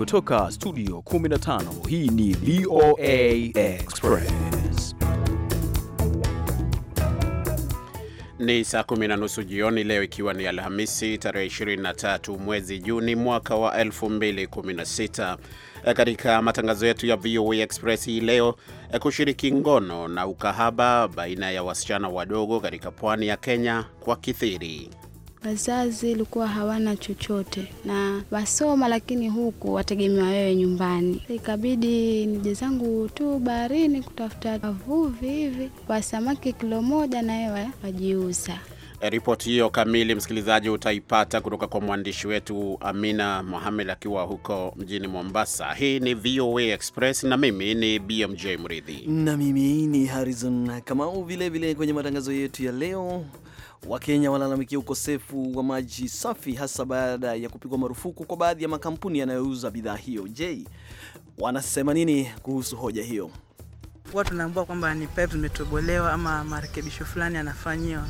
Kutoka studio 15 hii ni VOA Express. Ni saa kumi na nusu jioni leo, ikiwa ni Alhamisi tarehe 23 mwezi Juni mwaka wa 2016. E, katika matangazo yetu ya VOA Express hii leo, e, kushiriki ngono na ukahaba baina ya wasichana wadogo katika pwani ya Kenya kwa kithiri Wazazi ilikuwa hawana chochote na wasoma, lakini huku wategemewa wewe nyumbani. Ikabidi nije zangu tu baharini kutafuta wavuvi hivi wa samaki kilo moja, na wewe wajiuza. Eh, ripoti hiyo kamili, msikilizaji, utaipata kutoka kwa mwandishi wetu Amina Mohamed akiwa huko mjini Mombasa. Hii ni VOA Express na mimi ni BMJ Mridhi na mimi ni Harrison Kamau. Vilevile kwenye matangazo yetu ya leo Wakenya walalamikia ukosefu wa maji safi hasa baada ya kupigwa marufuku kwa baadhi ya makampuni yanayouza bidhaa hiyo. Je, wanasema nini kuhusu hoja hiyo? Huwa tunaambua kwamba ni pipe zimetobolewa ama marekebisho fulani yanafanyiwa,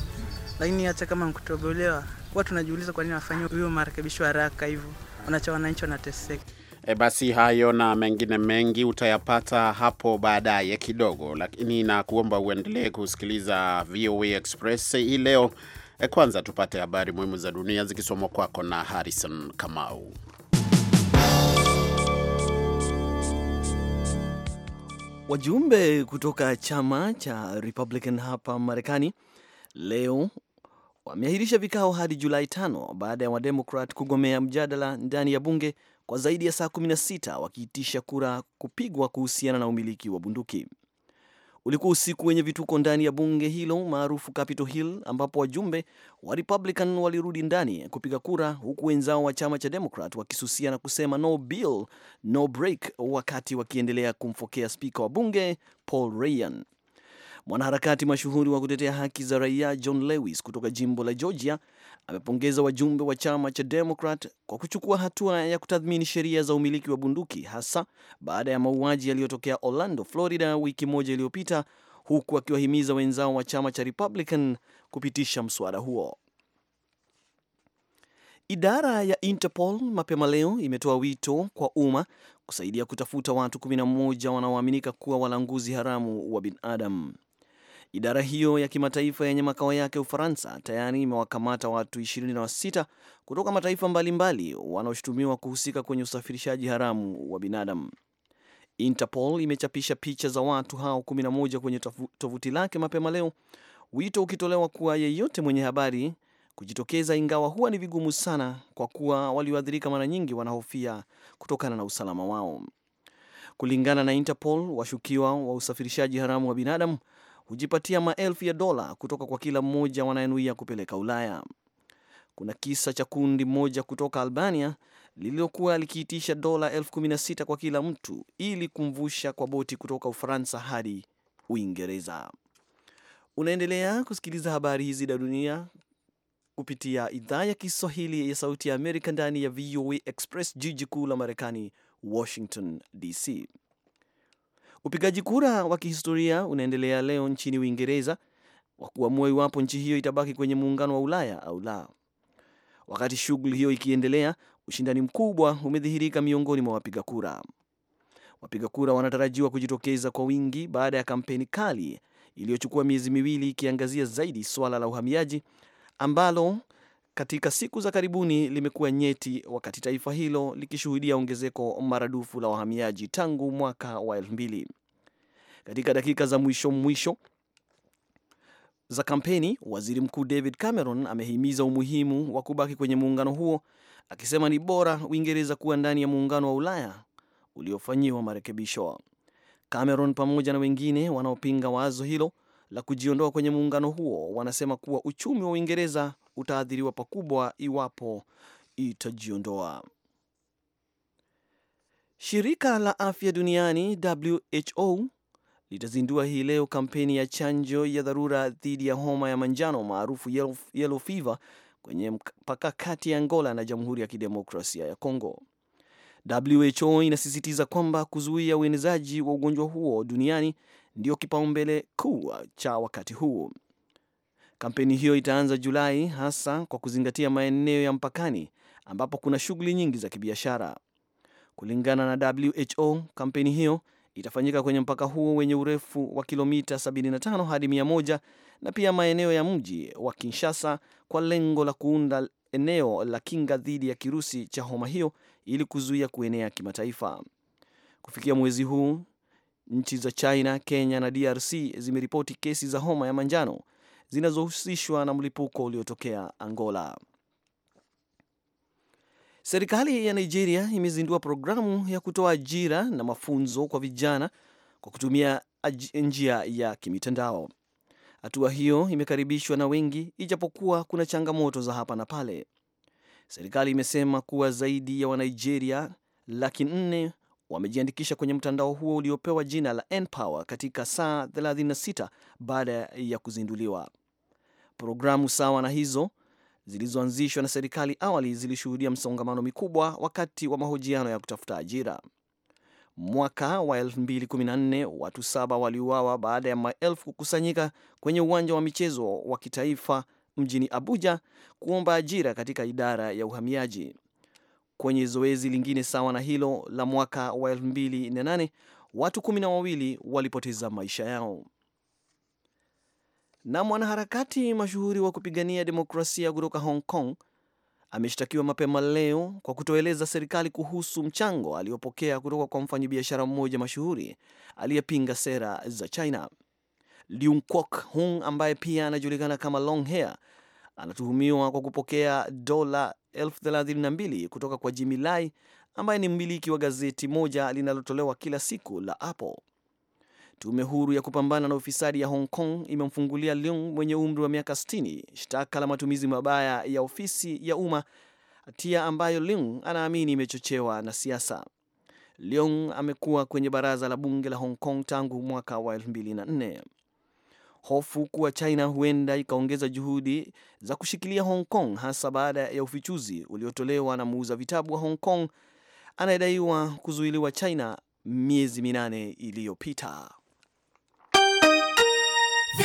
lakini hata kama nkutobolewa, huwa tunajiuliza kwa nini wafanyiwa hiyo marekebisho haraka hivyo, wanacha wananchi wanateseka. E, basi hayo na mengine mengi utayapata hapo baadaye kidogo, lakini na kuomba uendelee kusikiliza VOA Express hii leo. E, kwanza tupate habari muhimu za dunia zikisomwa kwako na Harrison Kamau. Wajumbe kutoka chama cha Republican hapa Marekani leo wameahirisha vikao hadi Julai tano baada ya Wademokrat kugomea mjadala ndani ya bunge kwa zaidi ya saa 16 wakiitisha kura kupigwa kuhusiana na umiliki wa bunduki. Ulikuwa usiku wenye vituko ndani ya bunge hilo maarufu Capitol Hill, ambapo wajumbe wa Republican walirudi ndani kupiga kura, huku wenzao wa chama cha Democrat wakisusia na kusema no bill no break, wakati wakiendelea kumfokea spika wa bunge Paul Ryan. Mwanaharakati mashuhuri wa kutetea haki za raia John Lewis kutoka jimbo la Georgia amepongeza wajumbe wa chama cha Demokrat kwa kuchukua hatua ya kutathmini sheria za umiliki wa bunduki hasa baada ya mauaji yaliyotokea Orlando, Florida wiki moja iliyopita, huku akiwahimiza wenzao wa chama cha Republican kupitisha mswada huo. Idara ya Interpol mapema leo imetoa wito kwa umma kusaidia kutafuta watu 11 wanaoaminika kuwa walanguzi haramu wa binadamu. Idara hiyo ya kimataifa yenye makao yake Ufaransa tayari imewakamata watu 26 kutoka mataifa mbalimbali wanaoshutumiwa kuhusika kwenye usafirishaji haramu wa binadamu. Interpol imechapisha picha za watu hao 11 kwenye tovuti lake mapema leo, wito ukitolewa kuwa yeyote mwenye habari kujitokeza, ingawa huwa ni vigumu sana, kwa kuwa walioathirika mara nyingi wanahofia kutokana na usalama wao. Kulingana na Interpol, washukiwa wa usafirishaji haramu wa binadamu hujipatia maelfu ya dola kutoka kwa kila mmoja wanayenuia kupeleka Ulaya. Kuna kisa cha kundi moja kutoka Albania lililokuwa likiitisha dola elfu kumi na sita kwa kila mtu ili kumvusha kwa boti kutoka Ufaransa hadi Uingereza. Unaendelea kusikiliza habari hizi za dunia kupitia idhaa ya Kiswahili ya Sauti ya Amerika ndani ya VOA Express, jiji kuu la Marekani, Washington DC. Upigaji kura wa kihistoria unaendelea leo nchini Uingereza wa kuamua iwapo nchi hiyo itabaki kwenye muungano wa Ulaya au la. Wakati shughuli hiyo ikiendelea, ushindani mkubwa umedhihirika miongoni mwa wapiga kura. Wapiga kura wanatarajiwa kujitokeza kwa wingi baada ya kampeni kali iliyochukua miezi miwili ikiangazia zaidi swala la uhamiaji ambalo katika siku za karibuni limekuwa nyeti, wakati taifa hilo likishuhudia ongezeko maradufu la wahamiaji tangu mwaka wa elfu mbili. Katika dakika za mwisho mwisho za kampeni, waziri mkuu David Cameron amehimiza umuhimu wa kubaki kwenye muungano huo, akisema ni bora Uingereza kuwa ndani ya muungano wa Ulaya uliofanyiwa marekebisho. Cameron pamoja na wengine wanaopinga wazo hilo la kujiondoa kwenye muungano huo wanasema kuwa uchumi wa Uingereza utaathiriwa pakubwa iwapo itajiondoa. Shirika la afya duniani WHO litazindua hii leo kampeni ya chanjo ya dharura dhidi ya homa ya manjano maarufu yellow, fiva fever kwenye mpaka kati ya Angola na Jamhuri ya Kidemokrasia ya Kongo. WHO inasisitiza kwamba kuzuia uenezaji wa ugonjwa huo duniani ndio kipaumbele kuu cha wakati huu. Kampeni hiyo itaanza Julai, hasa kwa kuzingatia maeneo ya mpakani ambapo kuna shughuli nyingi za kibiashara. Kulingana na WHO, kampeni hiyo itafanyika kwenye mpaka huo wenye urefu wa kilomita 75 hadi 100 na pia maeneo ya mji wa Kinshasa kwa lengo la kuunda eneo la kinga dhidi ya kirusi cha homa hiyo ili kuzuia kuenea kimataifa. Kufikia mwezi huu, nchi za China, Kenya na DRC zimeripoti kesi za homa ya manjano zinazohusishwa na mlipuko uliotokea Angola. Serikali ya Nigeria imezindua programu ya kutoa ajira na mafunzo kwa vijana kwa kutumia njia ya kimitandao. Hatua hiyo imekaribishwa na wengi, ijapokuwa kuna changamoto za hapa na pale. Serikali imesema kuwa zaidi ya Wanigeria laki nne wamejiandikisha kwenye mtandao huo uliopewa jina la nPower katika saa 36 baada ya kuzinduliwa. Programu sawa na hizo zilizoanzishwa na serikali awali zilishuhudia msongamano mikubwa wakati wa mahojiano ya kutafuta ajira. Mwaka wa 2014 watu saba waliuawa baada ya maelfu kukusanyika kwenye uwanja wa michezo wa kitaifa mjini Abuja kuomba ajira katika idara ya uhamiaji. Kwenye zoezi lingine sawa na hilo la mwaka wa 2008 watu kumi na wawili walipoteza maisha yao. Na mwanaharakati mashuhuri wa kupigania demokrasia kutoka Hong Kong ameshtakiwa mapema leo kwa kutoeleza serikali kuhusu mchango aliyopokea kutoka kwa mfanyabiashara mmoja mashuhuri aliyepinga sera za China. Leung Kwok Hung ambaye pia anajulikana kama Long Hair anatuhumiwa kwa kupokea dola 32 kutoka kwa Jimmy Lai ambaye ni mmiliki wa gazeti moja linalotolewa kila siku la Apple. Tume huru ya kupambana na ufisadi ya Hong Kong imemfungulia Leung mwenye umri wa miaka 60 shtaka la matumizi mabaya ya ofisi ya umma, hatia ambayo Leung anaamini imechochewa na siasa. Leung amekuwa kwenye baraza la bunge la Hong Kong tangu mwaka wa 2004. Hofu kuwa China huenda ikaongeza juhudi za kushikilia Hong Kong hasa baada ya ufichuzi uliotolewa na muuza vitabu wa Hong Kong anayedaiwa kuzuiliwa China miezi minane iliyopita. E,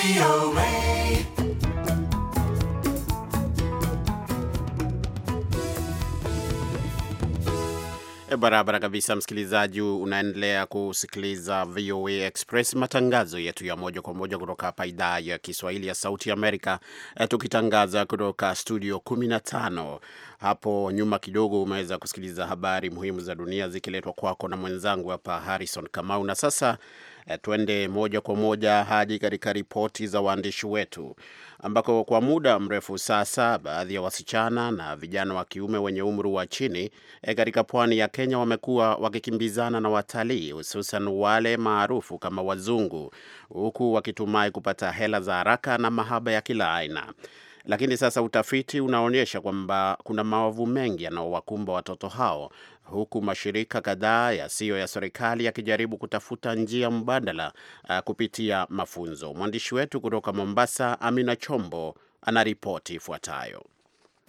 barabara kabisa, msikilizaji, unaendelea kusikiliza VOA Express, matangazo yetu ya moja kwa moja kutoka hapa idhaa ya Kiswahili ya Sauti Amerika, e, tukitangaza kutoka studio 15. Hapo nyuma kidogo umeweza kusikiliza habari muhimu za dunia zikiletwa kwako na mwenzangu hapa Harrison Kamau, na sasa E, twende moja kwa moja hadi katika ripoti za waandishi wetu, ambako kwa muda mrefu sasa baadhi ya wasichana na vijana wa kiume wenye umri wa chini e, katika pwani ya Kenya wamekuwa wakikimbizana na watalii, hususan wale maarufu kama wazungu, huku wakitumai kupata hela za haraka na mahaba ya kila aina. Lakini sasa utafiti unaonyesha kwamba kuna maovu mengi yanaowakumba watoto hao, huku mashirika kadhaa yasiyo ya, ya serikali yakijaribu kutafuta njia mbadala uh, kupitia mafunzo. Mwandishi wetu kutoka Mombasa, Amina Chombo, anaripoti ifuatayo.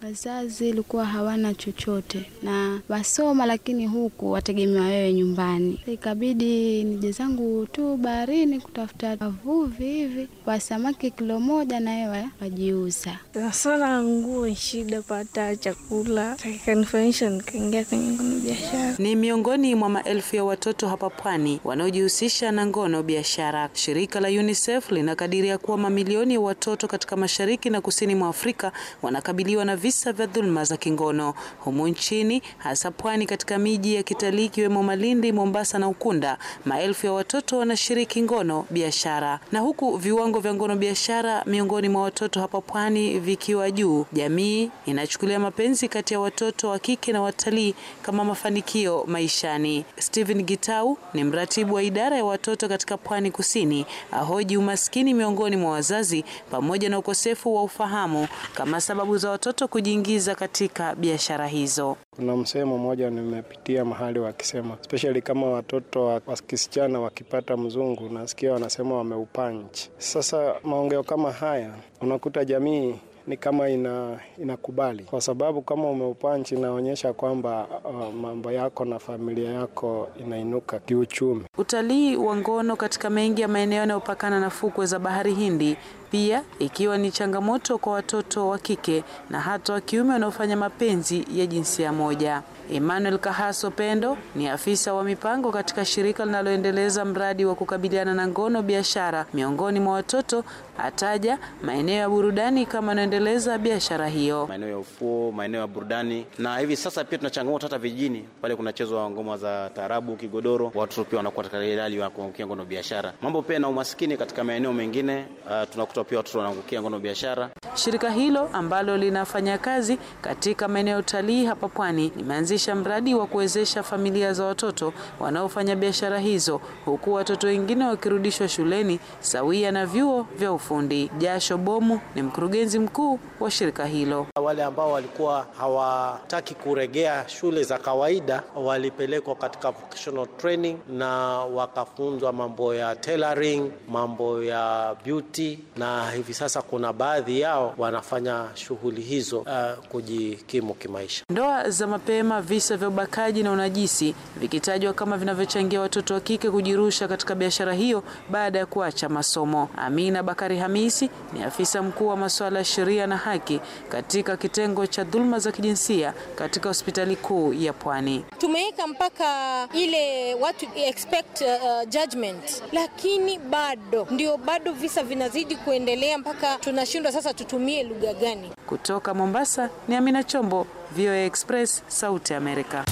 Wazazi ilikuwa hawana chochote na wasoma, lakini huku wategemewa wewe nyumbani. Ikabidi nije zangu tu baharini kutafuta wavuvi hivi wa samaki kilo moja, na wewe wajiuza. Sasa nguo shida pata chakula nikaingia kwenye ngono biashara. Ni miongoni mwa maelfu ya watoto hapa pwani wanaojihusisha na ngono biashara. Shirika la UNICEF linakadiria kuwa mamilioni ya watoto katika mashariki na kusini mwa Afrika wanakabiliwa na visa vya dhuluma za kingono humu nchini, hasa pwani, katika miji ya kitalii ikiwemo Malindi, Mombasa na Ukunda. Maelfu ya watoto wanashiriki ngono biashara, na huku viwango vya ngono biashara miongoni mwa watoto hapa pwani vikiwa juu, jamii inachukulia mapenzi kati ya watoto wa kike na watalii kama mafanikio maishani. Steven Gitau ni mratibu wa idara ya watoto katika Pwani Kusini, ahoji umaskini miongoni mwa wazazi pamoja na ukosefu wa ufahamu kama sababu za watoto kujiingiza katika biashara hizo. Kuna msemo mmoja nimepitia mahali wakisema, especially kama watoto wakisichana wakipata mzungu, nasikia wanasema wameupanchi. Sasa maongeo kama haya unakuta jamii ni kama ina inakubali kwa sababu kama umeupanchi inaonyesha kwamba uh, mambo yako na familia yako inainuka kiuchumi. Utalii wa ngono katika mengi ya maeneo yanayopakana na fukwe za bahari Hindi pia ikiwa ni changamoto kwa watoto wa kike na hata wa kiume wanaofanya mapenzi ya jinsia moja. Emmanuel Kahaso Pendo ni afisa wa mipango katika shirika linaloendeleza mradi wa kukabiliana na ngono biashara miongoni mwa watoto. Ataja maeneo ya burudani kama yanaendeleza biashara hiyo, maeneo ya ufuo, maeneo ya burudani, na hivi sasa pia tuna changamoto hata vijijini pale kunachezwa ngoma za taarabu, kigodoro, watoto pia wanakuwa katika hali ya kuangukia ngono biashara. Mambo pia na umaskini katika maeneo mengine uh, tunakuta watoto pia watoto wanaangukia ngono biashara. Shirika hilo ambalo linafanya kazi katika maeneo utalii hapa Pwani limeanzisha mradi wa kuwezesha familia za watoto wanaofanya biashara hizo, huku watoto wengine wakirudishwa shuleni sawia na vyuo vya ufundi. Jasho Bomu ni mkurugenzi mkuu wa shirika hilo. Wale ambao walikuwa hawataki kuregea shule za kawaida walipelekwa katika vocational training na wakafunzwa mambo ya tailoring, mambo ya beauty na na hivi sasa kuna baadhi yao wanafanya shughuli hizo uh, kujikimu kimaisha. Ndoa za mapema, visa vya ubakaji na unajisi vikitajwa kama vinavyochangia watoto wa kike kujirusha katika biashara hiyo baada ya kuacha masomo. Amina Bakari Hamisi ni afisa mkuu wa masuala ya sheria na haki katika kitengo cha dhuluma za kijinsia katika hospitali kuu ya Pwani. Tumeweka mpaka ile watu expect uh, judgment, lakini bado ndio bado visa vinazidi kwe kuendelea mpaka tunashindwa sasa tutumie lugha gani. Kutoka Mombasa ni Amina Chombo, VOA Express, Sauti Amerika.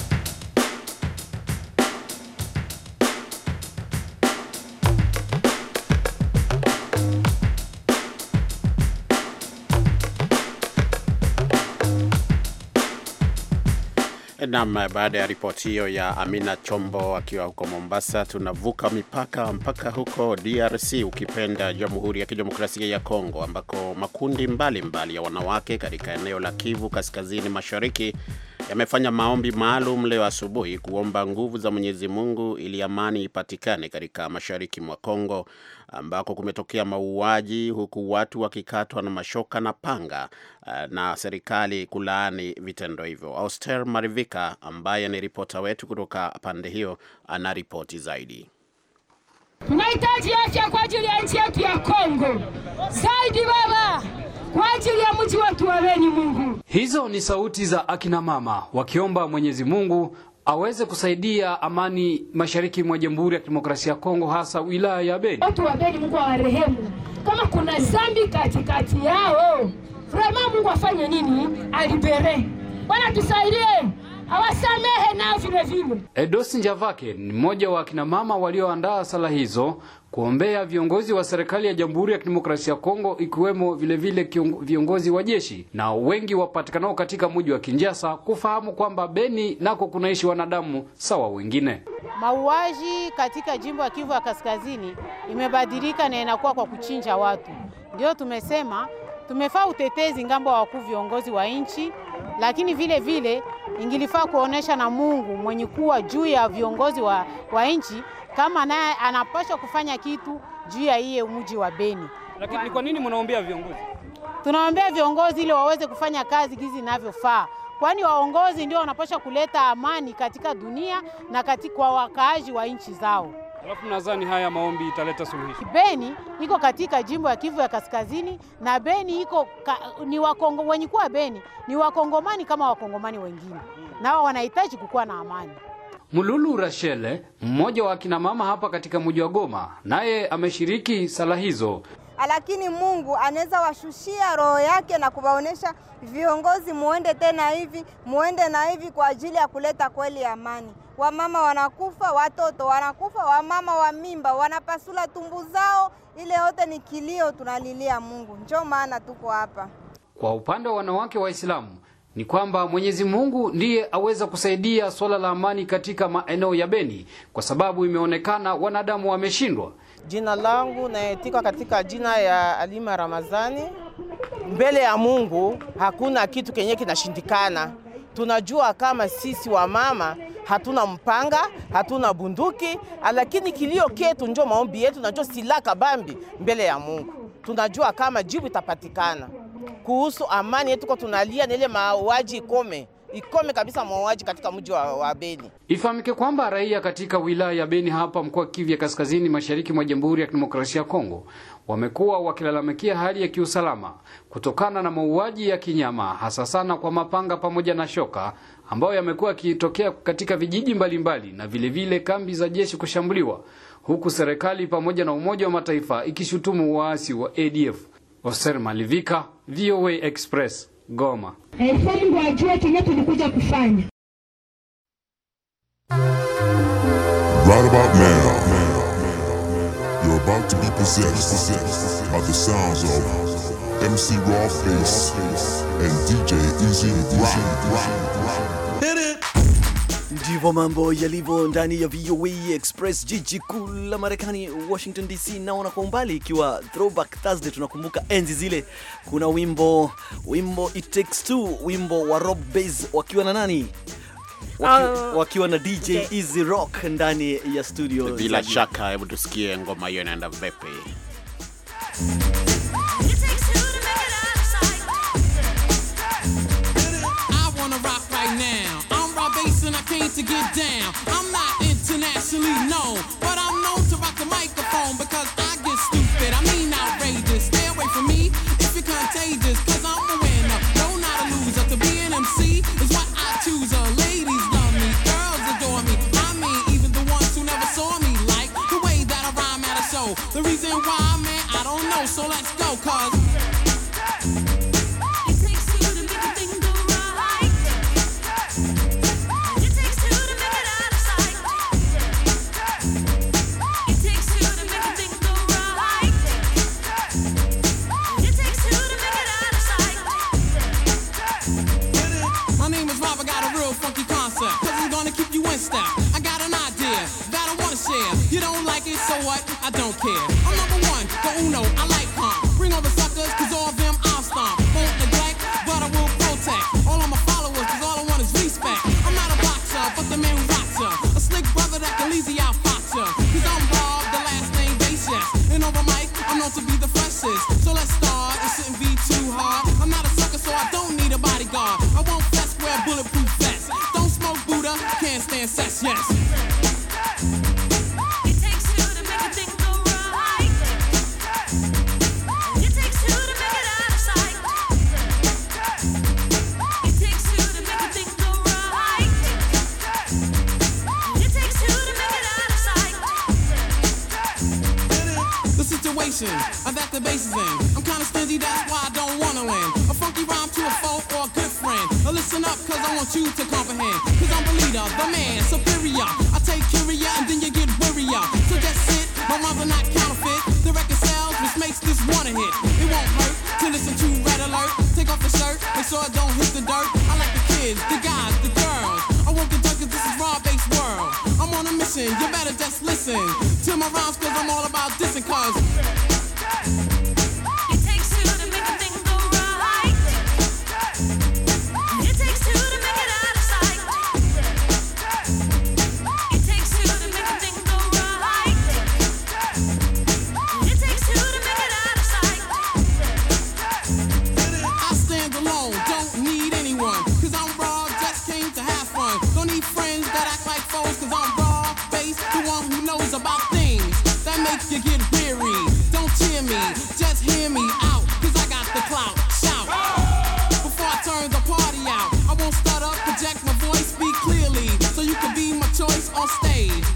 Nam, baada ya ripoti hiyo ya Amina Chombo akiwa huko Mombasa, tunavuka mipaka mpaka huko DRC, ukipenda Jamhuri ya Kidemokrasia ya Kongo, ambako makundi mbalimbali mbali ya wanawake katika eneo la Kivu Kaskazini Mashariki yamefanya maombi maalum leo asubuhi kuomba nguvu za Mwenyezi Mungu ili amani ipatikane katika mashariki mwa Kongo ambako kumetokea mauaji huku watu wakikatwa na mashoka na panga eh, na serikali kulaani vitendo hivyo. Auster Marivika ambaye ni ripota wetu kutoka pande hiyo ana ripoti zaidi. Tunahitaji afya kwa ajili ya nchi yetu ya Kongo zaidi baba, kwa ajili ya mji wetu wa Beni. Mungu, hizo ni sauti za akina mama wakiomba Mwenyezi Mungu aweze kusaidia amani mashariki mwa Jamhuri ya Kidemokrasia ya Kongo, hasa wilaya ya Beni. Watu wa Beni, Mungu awarehemu. Kama kuna zambi katikati yao, vraiment Mungu afanye nini? Alibere, Bwana tusaidie hawasamehe nao vile vile. Edosi Njavake ni mmoja wa kina mama walioandaa sala hizo kuombea viongozi wa serikali ya Jamhuri ya Kidemokrasia ya Kongo ikiwemo vile vile viongozi wa jeshi na wengi wapatikanao katika mji wa Kinshasa kufahamu kwamba Beni nako kunaishi wanadamu sawa wengine. Mauaji katika jimbo ya Kivu ya Kaskazini imebadilika na inakuwa kwa kuchinja watu. Ndio tumesema tumefaa utetezi ngambo wa wakuu viongozi wa nchi, lakini vile vile ingilifaa kuonesha na Mungu mwenye kuwa juu ya viongozi wa, wa nchi kama naye anapaswa kufanya kitu juu ya iye mji wa Beni. Lakini ni kwa nini mnaombea viongozi? Tunaombea viongozi ili waweze kufanya kazi gizi inavyofaa, kwani waongozi ndio wanapaswa kuleta amani katika dunia na katika wakaaji wa nchi zao. Alafu nadhani haya maombi italeta suluhisho. Beni iko katika jimbo ya Kivu ya Kaskazini na Beni iko ka, ni Wakongo wenye kuwa Beni ni Wakongomani kama Wakongomani wengine, hmm. nao wanahitaji kukuwa na amani. Mululu Rashele, mmoja wa akina mama hapa katika mji wa Goma, naye ameshiriki sala hizo lakini Mungu anaweza washushia roho yake na kuwaonesha viongozi, muende tena hivi, muende na hivi, kwa ajili ya kuleta kweli amani. Wamama wanakufa, watoto wanakufa, wamama wa mimba wanapasula tumbu zao. Ile yote ni kilio, tunalilia Mungu, njo maana tuko hapa. Kwa upande wa wanawake Waislamu ni kwamba Mwenyezi Mungu ndiye aweza kusaidia swala la amani katika maeneo ya Beni, kwa sababu imeonekana wanadamu wameshindwa Jina langu nayetika katika jina ya Alima Ramazani. Mbele ya Mungu hakuna kitu kenye kinashindikana. Tunajua kama sisi wa mama hatuna mpanga, hatuna bunduki, lakini kilio ketu njo maombi yetu, najo silaka kabambi mbele ya Mungu. Tunajua kama jibu itapatikana kuhusu amani yetu, kwa tunalia na ile mauaji ikome ikome kabisa mauaji katika mji wa, wa Beni. Ifahamike kwamba raia katika wilaya ya Beni hapa mkoa Kivu Kaskazini Mashariki mwa Jamhuri ya Kidemokrasia ya Kongo wamekuwa wakilalamikia hali ya kiusalama kutokana na mauaji ya kinyama hasa sana kwa mapanga pamoja na shoka ambayo yamekuwa yakitokea katika vijiji mbalimbali mbali, na vilevile vile kambi za jeshi kushambuliwa huku serikali pamoja na Umoja wa Mataifa ikishutumu waasi wa ADF. Oser Malivika, VOA Express. Goma. Efeli ndio tulikuja kufanya. Right about now, you're about to be possessed by the sounds of MC Raw Face and DJ Easy Rock. Hit it! Ndivyo mambo yalivyo ndani ya VOA Express, jiji kuu la Marekani, Washington DC. Naona kwa umbali, ikiwa throwback Thursday, tunakumbuka enzi zile. Kuna wimbo wimbo It Takes Two, wimbo wa Rob Base wakiwa na nani wakiwa, uh, wakiwa na DJ Easy Rock ndani ya studio. Bila shaka, hebu tusikie ngoma hiyo inaenda vipi. to get down. I'm not internationally known, but I no. so I don't hit the dirt. I like the kids, the guys, the girls. I want the duck cause this is raw based world. I'm on a mission, you better just listen to my rhymes cause I'm all about this. on stage.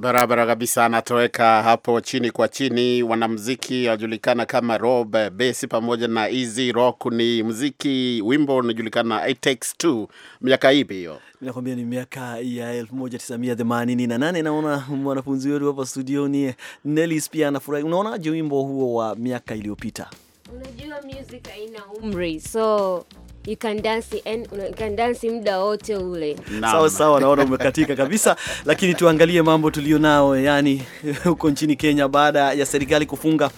barabara kabisa, anatoweka hapo chini kwa chini. Wanamziki wajulikana kama Rob Bass pamoja na Easy Rock, ni mziki wimbo unajulikana It Takes Two. Miaka ipi hiyo? Nakwambia ni miaka ya 1988. Naona mwanafunzi wetu hapa studioni Nelis pia anafurahi. Unaonaje wimbo huo wa miaka iliyopita? Unajua music haina umri so you can dance and you can dance muda wote ule. Sawa sawa, naona umekatika kabisa, lakini tuangalie mambo tulionao yani huko nchini Kenya, baada ya serikali kufunga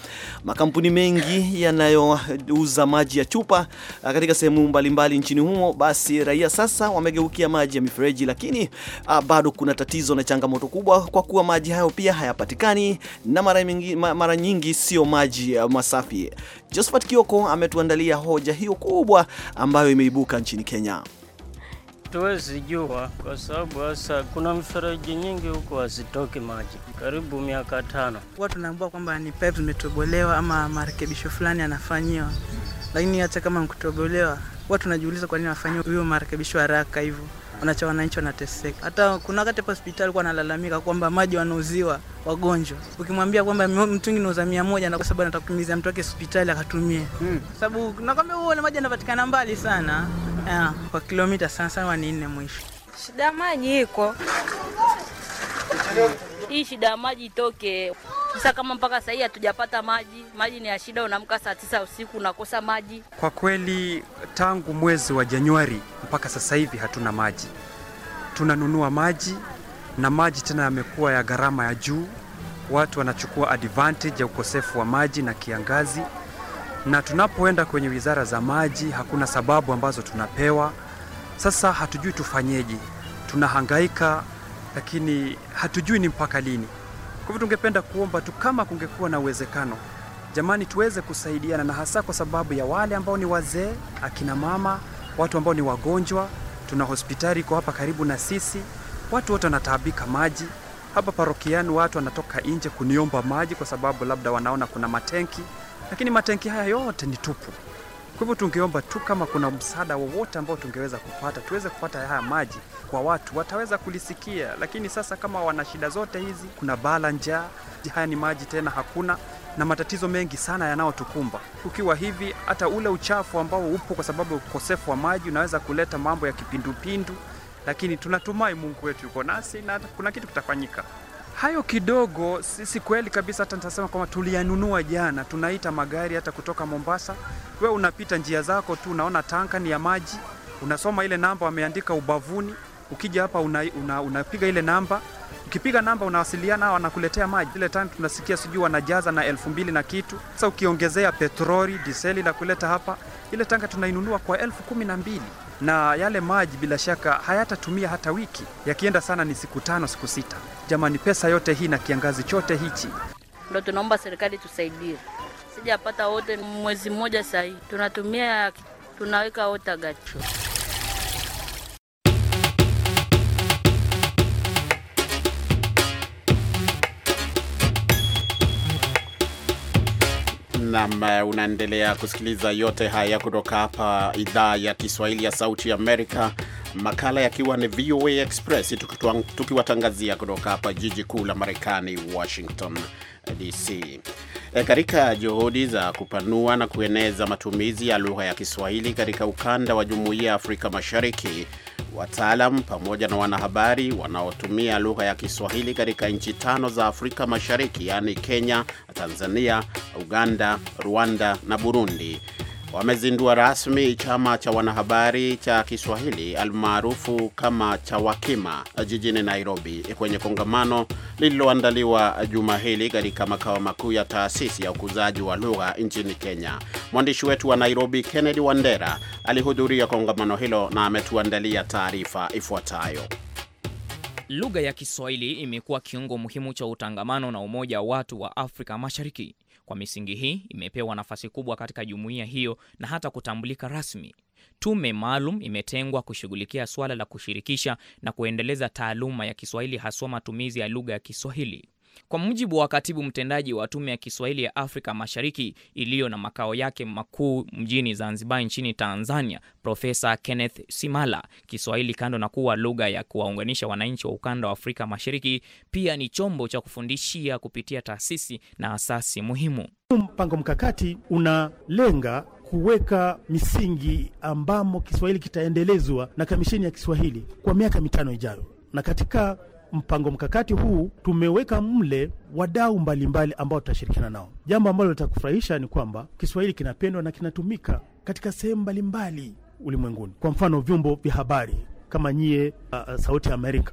makampuni mengi yanayouza maji ya chupa ah, katika sehemu mbalimbali nchini humo, basi raia sasa wamegeukia maji ya mifereji, lakini ah, bado kuna tatizo na changamoto kubwa, kwa kuwa maji hayo pia hayapatikani na mara nyingi, mara nyingi sio maji ah, masafi. Josephat Kioko ametuandalia hoja hiyo kubwa ambayo imeibuka nchini Kenya? Tuwezi jua kwa sababu hasa kuna mfereji nyingi huko hazitoki maji karibu miaka tano. Huwa tunaambiwa kwamba ni pipe zimetobolewa ama marekebisho fulani yanafanyiwa, lakini hata kama mkutobolewa, huwa tunajiuliza kwa nini wafanyiwa hiyo marekebisho haraka hivyo wanacho wananchi wanateseka. Hata kuna wakati hapa hospitali kwa nalalamika kwamba maji wanauziwa wagonjwa, ukimwambia kwamba mtungi nauza mia moja na kwa sababu atakutumizia mtu wake hospitali akatumie, hmm. sababu nakwambia huo maji anapatikana mbali sana kwa kilomita sana sana ni nne. Mwisho shida maji iko hii, shida ya maji itoke. Sasa kama mpaka sasa hii hatujapata maji, maji ni ya shida. Unaamka saa tisa usiku unakosa maji. Kwa kweli, tangu mwezi wa Januari mpaka sasa hivi hatuna maji, tunanunua maji na maji tena yamekuwa ya gharama ya juu. Watu wanachukua advantage ya ukosefu wa maji na kiangazi, na tunapoenda kwenye wizara za maji hakuna sababu ambazo tunapewa. Sasa hatujui tufanyeje, tunahangaika, lakini hatujui ni mpaka lini. Kwa hivyo tungependa kuomba tu kama kungekuwa na uwezekano, jamani, tuweze kusaidiana, na hasa kwa sababu ya wale ambao ni wazee, akina mama, watu ambao ni wagonjwa. Tuna hospitali iko hapa karibu na sisi, watu wote wanataabika maji hapa parokiani. Watu wanatoka nje kuniomba maji kwa sababu labda wanaona kuna matenki, lakini matenki haya yote ni tupu hivyo tungeomba tu kama kuna msaada wowote ambao tungeweza kupata, tuweze kupata haya maji kwa watu, wataweza kulisikia. Lakini sasa kama wana shida zote hizi, kuna bala, njaa, haya ni maji tena hakuna na matatizo mengi sana yanayotukumba. Ukiwa hivi, hata ule uchafu ambao upo kwa sababu ya ukosefu wa maji unaweza kuleta mambo ya kipindupindu, lakini tunatumai Mungu wetu yuko nasi na kuna kitu kitafanyika. Hayo kidogo sisi kweli kabisa, hata nitasema kwamba tuliyanunua jana, tunaita magari hata kutoka Mombasa. We unapita njia zako tu, unaona tanka ni ya maji, unasoma ile namba wameandika ubavuni, ukija hapa unapiga una, una ile namba ukipiga namba unawasiliana, wanakuletea maji. Ile time tunasikia sijui wanajaza na elfu mbili na kitu. Sasa ukiongezea petroli, diseli la kuleta hapa, ile tanka tunainunua kwa elfu kumi na mbili na yale maji bila shaka hayatatumia hata wiki, yakienda sana ni siku tano, siku sita. Jamani, pesa yote hii na kiangazi chote hichi, ndo tunaomba serikali tusaidie. Sijapata wote mwezi mmoja, sahii tunatumia tunaweka wote gati Nam, eh, unaendelea kusikiliza yote haya kutoka hapa idhaa ya Kiswahili ya Sauti ya Amerika makala yakiwa ni VOA Express tukiwatangazia kutoka hapa jiji kuu la Marekani, Washington eh, DC. E, eh, katika juhudi za kupanua na kueneza matumizi ya lugha ya Kiswahili katika ukanda wa Jumuiya ya Afrika Mashariki, wataalam pamoja na wanahabari wanaotumia lugha ya Kiswahili katika nchi tano za Afrika Mashariki, yaani Kenya, Tanzania, Uganda, Rwanda na Burundi wamezindua rasmi chama cha wanahabari cha Kiswahili almaarufu kama CHAWAKIMA jijini Nairobi, kwenye kongamano lililoandaliwa juma hili katika makao makuu ya taasisi ya ukuzaji wa lugha nchini Kenya. Mwandishi wetu wa Nairobi, Kennedy Wandera, alihudhuria kongamano hilo na ametuandalia taarifa ifuatayo. Lugha ya Kiswahili imekuwa kiungo muhimu cha utangamano na umoja wa watu wa Afrika Mashariki. Kwa misingi hii imepewa nafasi kubwa katika jumuiya hiyo na hata kutambulika rasmi. Tume maalum imetengwa kushughulikia suala la kushirikisha na kuendeleza taaluma ya Kiswahili, haswa matumizi ya lugha ya Kiswahili. Kwa mujibu wa katibu mtendaji wa Tume ya Kiswahili ya Afrika Mashariki iliyo na makao yake makuu mjini Zanzibar nchini Tanzania, Profesa Kenneth Simala, Kiswahili kando na kuwa lugha ya kuwaunganisha wananchi wa ukanda wa Afrika Mashariki, pia ni chombo cha kufundishia kupitia taasisi na asasi muhimu. Mpango mkakati unalenga kuweka misingi ambamo Kiswahili kitaendelezwa na Kamisheni ya Kiswahili kwa miaka mitano ijayo, na katika mpango mkakati huu tumeweka mle wadau mbalimbali ambao tutashirikiana nao. Jambo ambalo litakufurahisha ni kwamba Kiswahili kinapendwa na kinatumika katika sehemu mbalimbali ulimwenguni. Kwa mfano vyombo vya habari kama nyie, uh, uh Sauti ya Amerika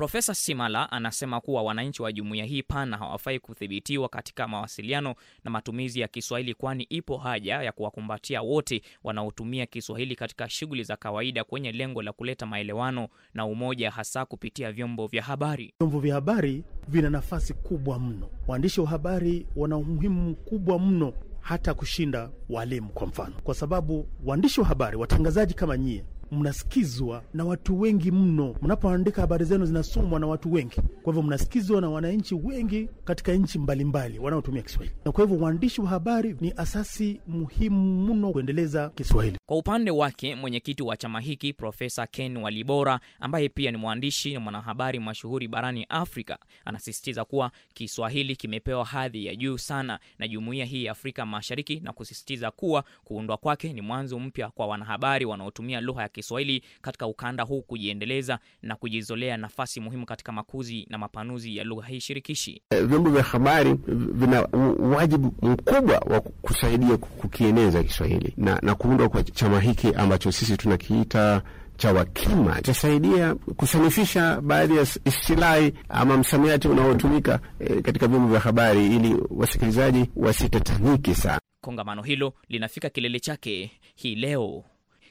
Profesa Simala anasema kuwa wananchi wa jumuiya hii pana hawafai kudhibitiwa katika mawasiliano na matumizi ya Kiswahili, kwani ipo haja ya kuwakumbatia wote wanaotumia Kiswahili katika shughuli za kawaida kwenye lengo la kuleta maelewano na umoja, hasa kupitia vyombo vya habari. Vyombo vya habari vina nafasi kubwa mno, waandishi wa habari wana umuhimu mkubwa mno, hata kushinda walimu, kwa mfano, kwa sababu waandishi wa habari, watangazaji kama nyie mnasikizwa na watu wengi mno. Mnapoandika habari zenu zinasomwa na watu wengi, kwa hivyo mnasikizwa na wananchi wengi katika nchi mbalimbali wanaotumia Kiswahili, na kwa hivyo waandishi wa habari ni asasi muhimu mno kuendeleza Kiswahili. Kwa upande wake, mwenyekiti wa chama hiki Profesa Ken Walibora, ambaye pia ni mwandishi na mwanahabari mashuhuri barani Afrika, anasisitiza kuwa Kiswahili kimepewa hadhi ya juu sana na jumuiya hii ya Afrika Mashariki na kusisitiza kuwa kuundwa kwake ni mwanzo mpya kwa wanahabari wanaotumia lugha ya Kiswahili katika ukanda huu kujiendeleza na kujizolea nafasi muhimu katika makuzi na mapanuzi ya lugha hii shirikishi. Eh, vyombo vya habari vina wajibu mkubwa wa kusaidia kukieneza Kiswahili na, na kuundwa kwa chama hiki ambacho sisi tunakiita cha Wakima itasaidia kusanifisha baadhi ya istilahi ama msamiati unaotumika e, katika vyombo vya habari ili wasikilizaji wasitataniki sana. Kongamano hilo linafika kilele chake hii leo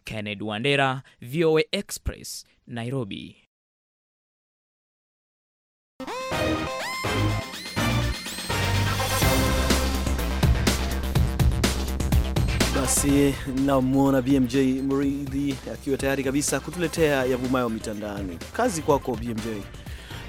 kenned Wandera, VOA Express, Nairobi. Basi namwona BMJ Mridhi akiwa tayari kabisa kutuletea yavumayo mitandaoni. Kazi kwako BMJ.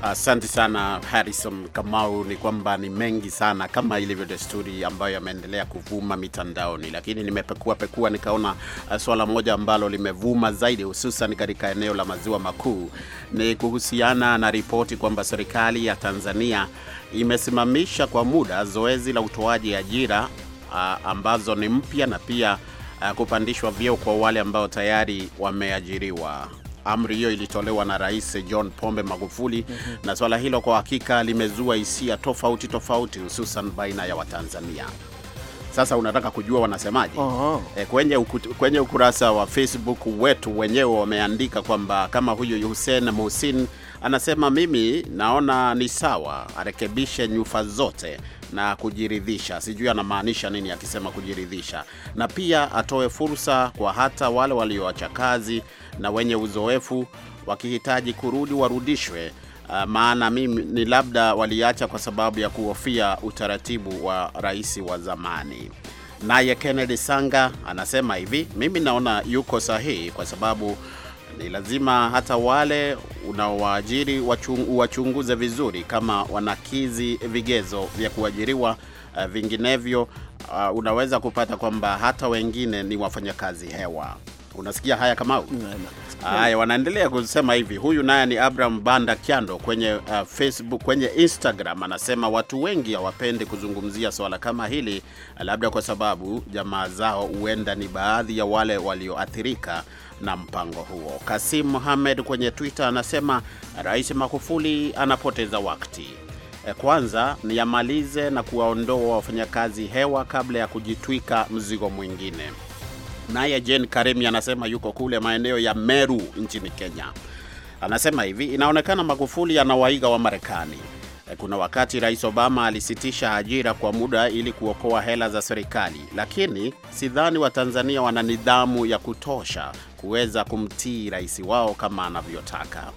Asante uh, sana Harrison Kamau. Ni kwamba ni mengi sana kama ilivyo desturi ambayo yameendelea kuvuma mitandaoni, lakini nimepekua pekua nikaona uh, swala moja ambalo limevuma zaidi hususan katika eneo la maziwa makuu ni kuhusiana na ripoti kwamba serikali ya Tanzania imesimamisha kwa muda zoezi la utoaji ajira uh, ambazo ni mpya na pia uh, kupandishwa vyeo kwa wale ambao tayari wameajiriwa. Amri hiyo ilitolewa na Rais John Pombe Magufuli mm -hmm. na swala hilo kwa hakika limezua hisia tofauti tofauti, hususan baina ya Watanzania. Sasa unataka kujua wanasemaje? uh -huh. E, kwenye, kwenye ukurasa wa Facebook wetu wenyewe wameandika kwamba kama huyu Hussein Muhsin anasema, mimi naona ni sawa arekebishe nyufa zote na kujiridhisha. Sijui anamaanisha nini akisema kujiridhisha, na pia atoe fursa kwa hata wale walioacha kazi na wenye uzoefu wakihitaji kurudi warudishwe. Uh, maana mimi ni labda waliacha kwa sababu ya kuhofia utaratibu wa rais wa zamani. Naye Kennedy Sanga anasema hivi, mimi naona yuko sahihi kwa sababu ni lazima hata wale unaowaajiri wachunguze vizuri kama wanakizi vigezo vya kuajiriwa. Uh, vinginevyo uh, unaweza kupata kwamba hata wengine ni wafanyakazi hewa. Unasikia haya Kamau? Mm, haya, wanaendelea kusema hivi. Huyu naye ni Abraham Banda Kyando kwenye uh, Facebook, kwenye Instagram anasema watu wengi hawapendi kuzungumzia swala kama hili, labda kwa sababu jamaa zao huenda ni baadhi ya wale walioathirika na mpango huo. Kasim Muhamed kwenye Twitter anasema Rais Magufuli anapoteza wakati. Eh, kwanza niyamalize na kuwaondoa wafanyakazi hewa kabla ya kujitwika mzigo mwingine. Naye Jane Karemi anasema yuko kule maeneo ya Meru nchini Kenya, anasema hivi, inaonekana Magufuli anawaiga wa Marekani Eh, kuna wakati Rais Obama alisitisha ajira kwa muda ili kuokoa hela za serikali, lakini sidhani Watanzania wana nidhamu ya kutosha kuweza kumtii rais wao kama anavyotaka.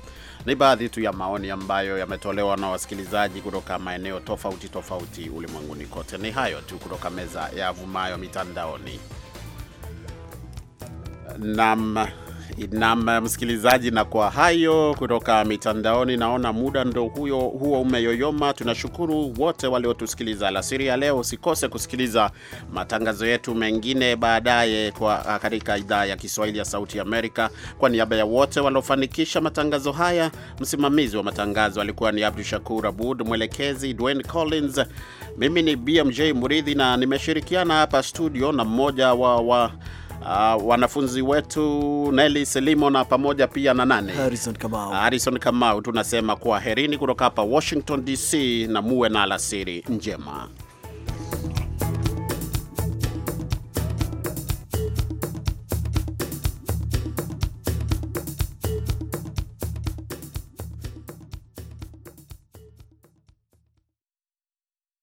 Ni baadhi tu ya maoni ambayo yametolewa na wasikilizaji kutoka maeneo tofauti tofauti ulimwenguni kote. Ni hayo tu kutoka meza ya Vumayo Mitandaoni. Naam. Nam msikilizaji, na kwa hayo kutoka mitandaoni, naona muda ndo huyo huo umeyoyoma. Tunashukuru wote waliotusikiliza alasiri ya leo. Usikose kusikiliza matangazo yetu mengine baadaye kwa ah, katika idhaa ya Kiswahili ya Sauti Amerika. Kwa niaba ya wote waliofanikisha matangazo haya, msimamizi wa matangazo alikuwa ni Abdu Shakur Abud, mwelekezi Dwayne Collins, mimi ni BMJ Muridhi na nimeshirikiana hapa studio na mmoja wa, wa uh, wanafunzi wetu Nelly Selimo na pamoja pia na nane Harrison Kamau, Harrison Kamau tunasema herini kutoka hapa Washington DC, na muwe na alasiri njema.